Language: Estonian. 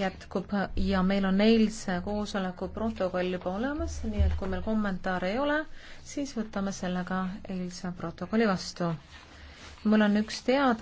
jätkub ja meil on eilse koosoleku protokoll juba olemas, nii et kui meil kommentaare ei ole, siis võtame sellega eilse protokolli vastu. mul on üks teada.